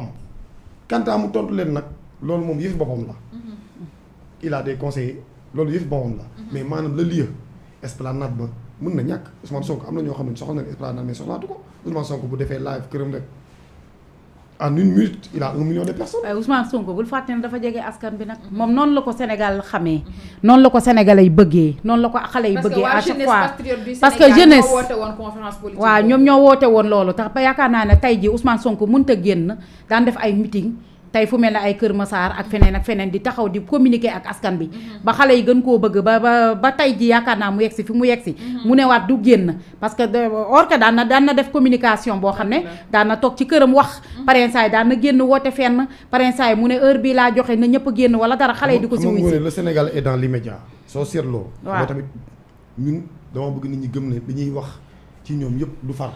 am kantaa mu tontu leen nag loolu moom yëfi boppam la mm-hmm. il a des conseillers loolu yëfi boppam la mm-hmm. mais maanaam le lieu nat ba mën na ñàkk Ousmane Sonko am na ñoo xam ne soxla na esplanade mais soxlaatu ko Ousmane Sonko bu defee live këram rek en une minute il a un million bul fàtte ne dafa jege askan bi nag. moom noonu la ko Sénégal xamee. noonu la ko sénégalais yi bëggee noonu la ko xale yi bëggee. à chaque fois parce que jeunesse waaw ñoom ñoo woote woon loolu tax ba yaakaar naa ne tey jii Ousmane Sonko mënut a génn daan def ay meeting. tey fu mel ne ay Kër Massar ak feneen ak feneen di taxaw di communiquer ak askan bi mm-hmm. ba xale yi gën koo bëgg ba ba ba tey ji yaakaar naa mu yegg si fi mu yegg si mm-hmm. mu newaat du génn parce que or daan na daan na def communication boo xam ne mm-hmm. daan na toog ci këram wax parensaay daan na génn woote fenn parensaay mu ne heure bii laa joxe na ñëpp génn wala dara xale yi di ko si wuy si le Sénégal est dans l'immédiat soo seetloo waaw tamit ñu dama bëgg nit ñi gëm ne dañuy wax ci ñoom yëpp du far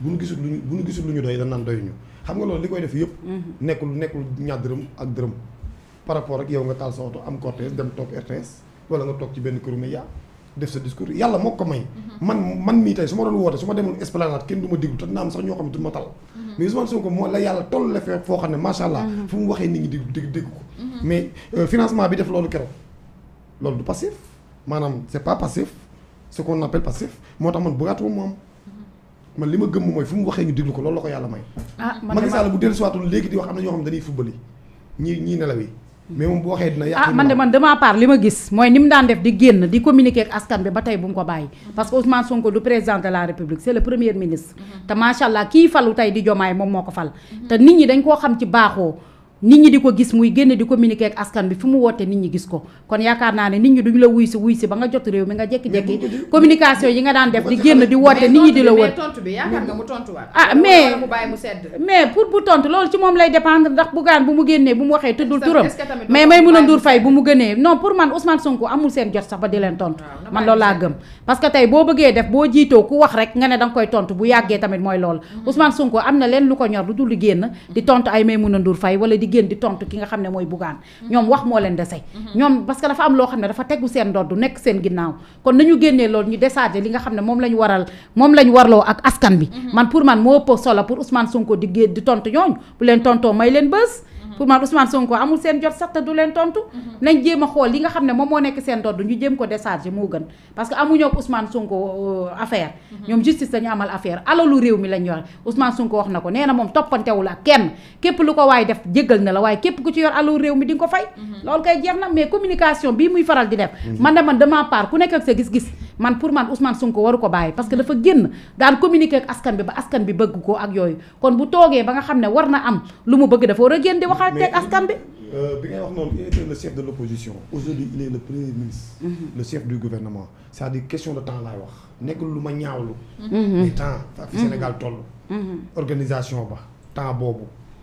bu ñu lu ñu bu ñu gisul lu ñu doy ñu xam nga loolu li koy def yëpp. Mm-hmm. nekkul nekkul ñaar dërëm ak dërëm. par rapport ak yow nga taal sa oto am cortège dem toog RTS wala nga toog ci benn këru média def sa discours yàlla moo ko may. Mm-hmm. man man mii tey su ma doon woo su ma demul esplanade kenn du ma déglu te dina ma tal. Mm-hmm. mais Ousmane Sonko moo la ko. mais euh, financement bi def loolu keroog loolu du passif maanaam c'est pas passif ce qu'on appelle passif moo tax man bëggaatuma mu am. man li ma gëm mooy fu mu waxee ñu déglu ko loolu la ko yàlla may. ah man Macky Sall bu dellusiwaatoon léegi di wax am na ñoo xam ne dañuy fubali ñii ñii nelaw yi mais moom bu waxee dina yàq ah, man de man de ma li ma gis mooy ni mu daan def di génn di communiquer ak askan bi ba tey bu mu ko bàyyi mm-hmm. parce que Ousmane Sonko du président de la République c'est le premier ministre mm-hmm. te macha allah kii falu tey di jomaay moom moo ko fal mm-hmm. te nit ñi dañ koo xam ci baaxoo nit ñi di ko gis muy génn di communiquer ak askan bi fu mu woote nit ñi gis ko kon yaakaar naa ne nit ñi duñu la wuy si wuy si ba nga jot réew mi nga jekki-jekki communication yi nga daan def di génn di woote nit ñi di la wër ah mais mais pour bu tontu loolu ci moom lay dépendre ndax Bougane bu mu génnee bu mu waxee tuddul turam mais Maïmouna Ndour Faye bu mu gënee non pour man Ousmane Sonko amul seen jot sax ba di leen tont man loolu laa gëm parce que tey boo bëggee def boo jiitoo ku wax rek nga ne danga koy bu yàggee tamit mooy loolu mm-hmm. Ousmane Sonko am na leen lu ko ñor lu dul génn di tontu ay Maïmouna Ndour Faye génn di tontu ki nga xam ne mooy bugaan mm-hmm. ñoom wax moo leen dese mm-hmm. ñoom parce dafa am loo xam ne dafa tegu seen ndodd nekk seen ginnaaw kon nañu génnee loolu ñu décharger li nga xam ne moom lañ waral moom lañ warloo ak askan bi mm-hmm. man pour man moo ëpp solo pour Ousmane Sonko di génn di tontu ñooñu bu leen tontoo may leen bës Mhm. pour man Ousmane Sonko amul seen jot sax te du leen tontu. Mhm. nañ jéem a xool li nga xam ne moom moo nekk seen dodd ñu jéem ko décharger moo gën parce que amuñoo ak Ousmane Sonko euh, affaire. Mhm. ñoom justice dañu amal affaire alalu réew mi lañ yore Ousmane Sonko wax na ko nee na moom toppantewul ak kenn képp lu ko waaye def jéggal na la waaye képp ku ci yor alalu réew mi di ko fay. loolu kay jeex na mais communication bii muy faral di def. man de man de ma ku nekk sa gis-gis. man pour man Ousmane Sonko waru ko bàyyi parce que dafa génn daan communiquer ak askan bi ba askan bi bëgg ko ak yooyu kon bu toogee ba nga xam ne war na am lu mu bëgg dafa war a génn di waxaat ak askan bi. Euh, euh, bi ngay wax noonu il était le chef de le premier ministre. Mm-hmm. le chef du gouvernement cest à question de temps laay wax nekkul lu ma ñaawlu. Mm-hmm. mais temps. fi mm-hmm. Sénégal toll. organisation ba temps boobu.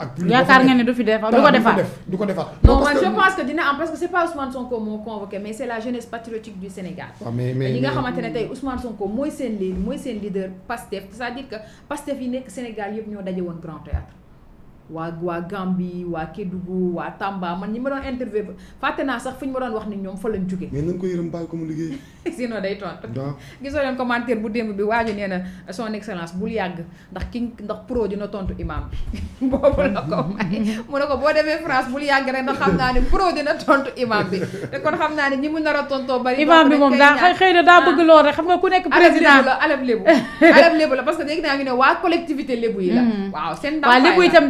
ak plus yaakaar nga ne du fi defar du ko defar du ko defar. non man je pense que dina am parce que c' est pas Ousmane Sonko moo convoqué mais c' la jeunesse patriotique du Sénégal. waaw mais xamante ne tey Ousmane Sonko mooy seen leader mooy seen leader Pastef c' est à dire que Pastef yi nekk Sénégal yëpp ñoo daje woon Grand Théâtre waa waa Gambie waa Kédougou waa Tamba man ñi ma doon interview fàtte naa sax fu ñu ma doon wax ni ñoom fa lañ jógee. mais nañ ko yërëm bàyyi ko mu liggéey. sinon day tontu. waaw gisoo leen commentaire bu démb bi waaju nee na son excellence bul yàgg ndax ki ndax pro dina tontu imam boobu la ko may mu ne ko boo demee France bul yàgg rek ndax xam naa ne pro dina tontu imam bi te kon xam naa ne ñi mu nar a tontoo bari. imam bi moom daa xëy na daa bëgg lool rek xam nga ku nekk président alab lébu la alab lébu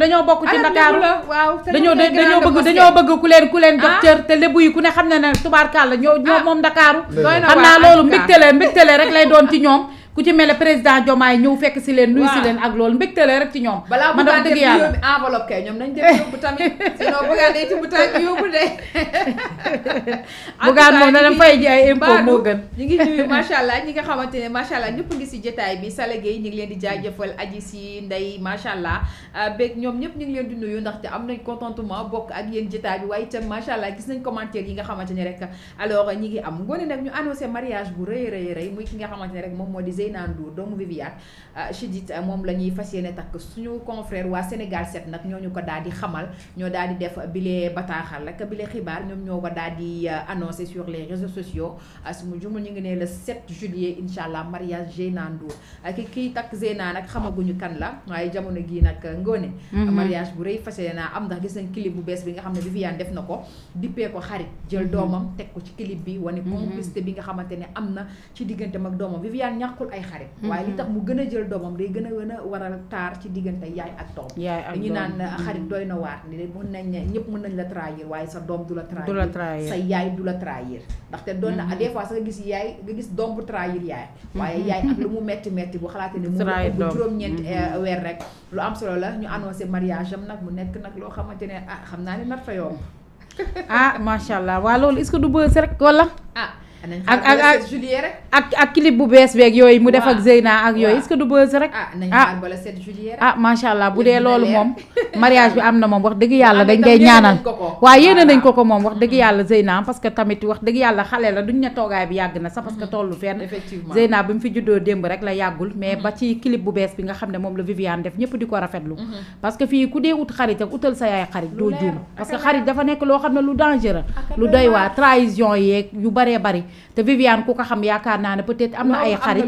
alab bokk ci Ndakaaru waaw dañoo dañoo bëgg dañoo bëgg ku leen ku leen jox ah. cër te lébu yi ku ne xam na ne la ñoo ñoo ah. moom Ndakaaru xam naa loolu mbégte la mbégte la rek lay doon ci ñoom ku ci mel ne président Diomaye ñëw fekk si leen nuyu si leen ak loolu mbégte la rek ci ñoom balaa man dëgg yàlla bi ñoom nañ def yóbbu tamit sinon bugaan day moom na dem fay ay impôt moo gën ñi ngi nuyu macha allah ñi nga xamante ne macha allah ñëpp ngi si jotaay bi Sala Gueye ngi leen di jaajëfal aji si ndey macha allah euh, beeg ñoom ñëpp ñu ngi leen di nuyu ndaxte am nañ contentement bokk ak yéen jotaay bi waaye itam macha allah gis nañ commentaire yi nga xamante ne rek alors ñi ngi am ngoone nag ñu annoncé mariage bu rëy rëy rëy muy ki nga xamante ne rek moom moo di Zeyna ah, ah, moom la ñuy fas yéene takk suñu confrère waa Sénégal 7 nag ñoo ñu ko daal di xamal ñoo daal di def bile bataaxal ak bile xibaar ñoom ñoo ko daal di ah, annoncé sur les réseaux sociaux su ma jumul ñu ngi ne le 7 juillet incha allah mariage Zeyna Ndour ki kii takk Zeyna nag xamaguñu kan la waaye jamono gii nag ngoone mhm. mariage bu rëy fas yéene naa am ndax gis nañ bu bees bi nga xam ne Viviane def na ko dippee ko xarit jël mhm. doomam teg ko ci clip bi wane mhm. complicité bi nga xamante ne am na ci diggante mag doomam Viviane ñàkkul ay xarit mm-hmm. waaye li tax mu gën a jël doomam day gën a gën a waral taar ci diggante yaay ak doom dañu naan mm-hmm. sa doom du la trahir sa yaay du la trahir ndaxte doon na mm-hmm. des fois sax nga gis yaay nga gis doom bu trahir yaay waaye yaay ak lu mu metti metti bu xalaatee ne mu bu juróom-ñeenti eh, weer rek lu am solo la ñu annoncé mariage am nag mu nekk nag loo xamante ne ah xam naa ne nar fa yomb ah macha allah waa loolu ak ak ak ak ak clip bu bees beeg yooyu mu def ak Zeyna ak yooyu est-ce que du buzz rek. ah nañu ah. Ah, allah bu dee loolu moom. mariage bi am na moom wax dëgg yàlla dañ koy ñaanal. waaw yéene nañ ko ko moom wax dëgg mm-hmm. yàlla Zeyna parce que tamit wax dëgg yàlla xale la duñ ne toogaay bi yàgg na sa parce que mm-hmm. tollu fenn. effectivement Zeyna bi mu fi juddoo démb rek la yàggul mais mm-hmm. ba ci clip bu bees bi nga xam ne moom la Viviane def ñëpp di ko rafetlu. parce que fii ku dee wut xarit ak utal sa yaay xarit doo juum parce que xarit dafa nekk loo xam ne lu dangereux lu doy waa trahison yeeg yu baree bari te Viviane ku ko xam yaakaar naa ne peut-être am na ay xarit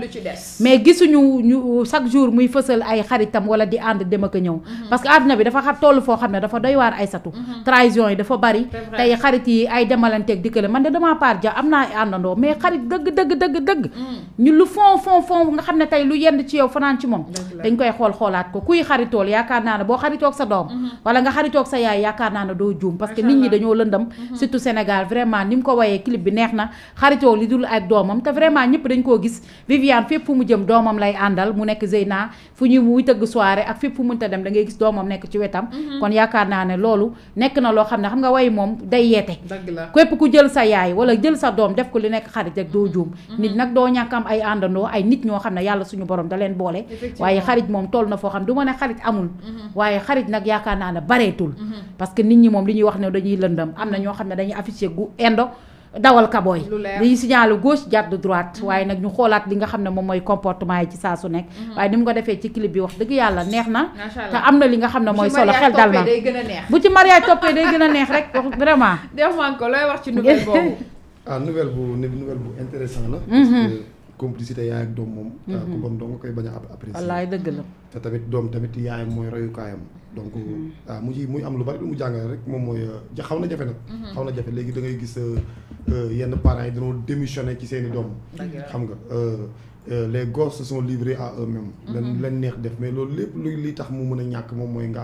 mais gisuñu ñu chaque jour muy fësal ay xaritam wala di ànd dem ak ñëw mhm. parce add àdduna bi dafa xam toll foo xam ne dafa doy waar ay satu mhm. trahison yi dafa bari tey xarit yi ay demalanteeg dikkale man de dama part ja am naa àndandoo mais xarit dëgg dëgg dëgg dëgg mhm. ñu lu fon fon fon nga xam ne tey lu yenn ci yow fanaan ci moom dañ koy xool xoolaat ko kuy tool yaakaar naa ne boo xaritoo sa doom wala nga xaritoog sa yaay yaakaar naa ne doo juum parce que nit ñi dañoo lëndam surtout Sénégal vraiment ni mu ko wayee clip bi neex na xaritoo li dul ak doomam te vraiment ñëpp dañ koo gis Viviane fépp fu mu jëm doomam lay àndal mu nekk Zeyna fu ñuy muy tëgg soirée ak fépp fu mënta dem da ngay gis doomam nekk ci wetam mhm. kon yaakaar naa ne loolu nekk na loo xam ne xam nga way moom day yeete képp ku jël sa yaay wala jël sa doom def ko li nekk xarit rek doo juum mhm. nit nag doo ñàkk am ay àndandoo ay nit ñoo xam ne yàlla suñu borom da leen boole waaye xarit moom toll na foo xam du ma ne xarit amul mhm. waaye xarit nag yaakaar naa ne bareetul parce que nit ñi moom li ñuy wax ne dañuy lëndam am na ñoo xam ne dañuy affiché gu indo dawal kabooy dañuy signaler gauche jàdd droite mm-hmm. waaye nag ñu xoolaat li nga xam ne moom mooy comportement yi ci saa su nekk mm-hmm. waaye ni mu ko defee ci clip bi wax dëgg yàlla neex na te am na li nga xam ne mooy solo xel dal na bu ci mariage toppee day gën a neex rek wax vraiment def man ko looy wax ci nouvelle boobu ah nouvelle bu nouvelle bu intéressant la mm-hmm. complicité yaay ak doom moom. Mhm. ku bon doo nga koy bañ a apprécier. wallaay dëgg la. te tamit doom tamit yaayam mooy royukaayam. donc mhm. ah, mu ci muy am lu bari lu mu jàngale rek moom mooy xaw na jafe nag. Mhm. xaw na jafe léegi da gis euh, euh, yenn parents yi dañoo démissionné ci seen i doom. xam nga euh, les gosses se sont a à eux-mêmes. lan lan neex def mais loolu lépp luy li tax mu mën a ñàkk moom mooy nga.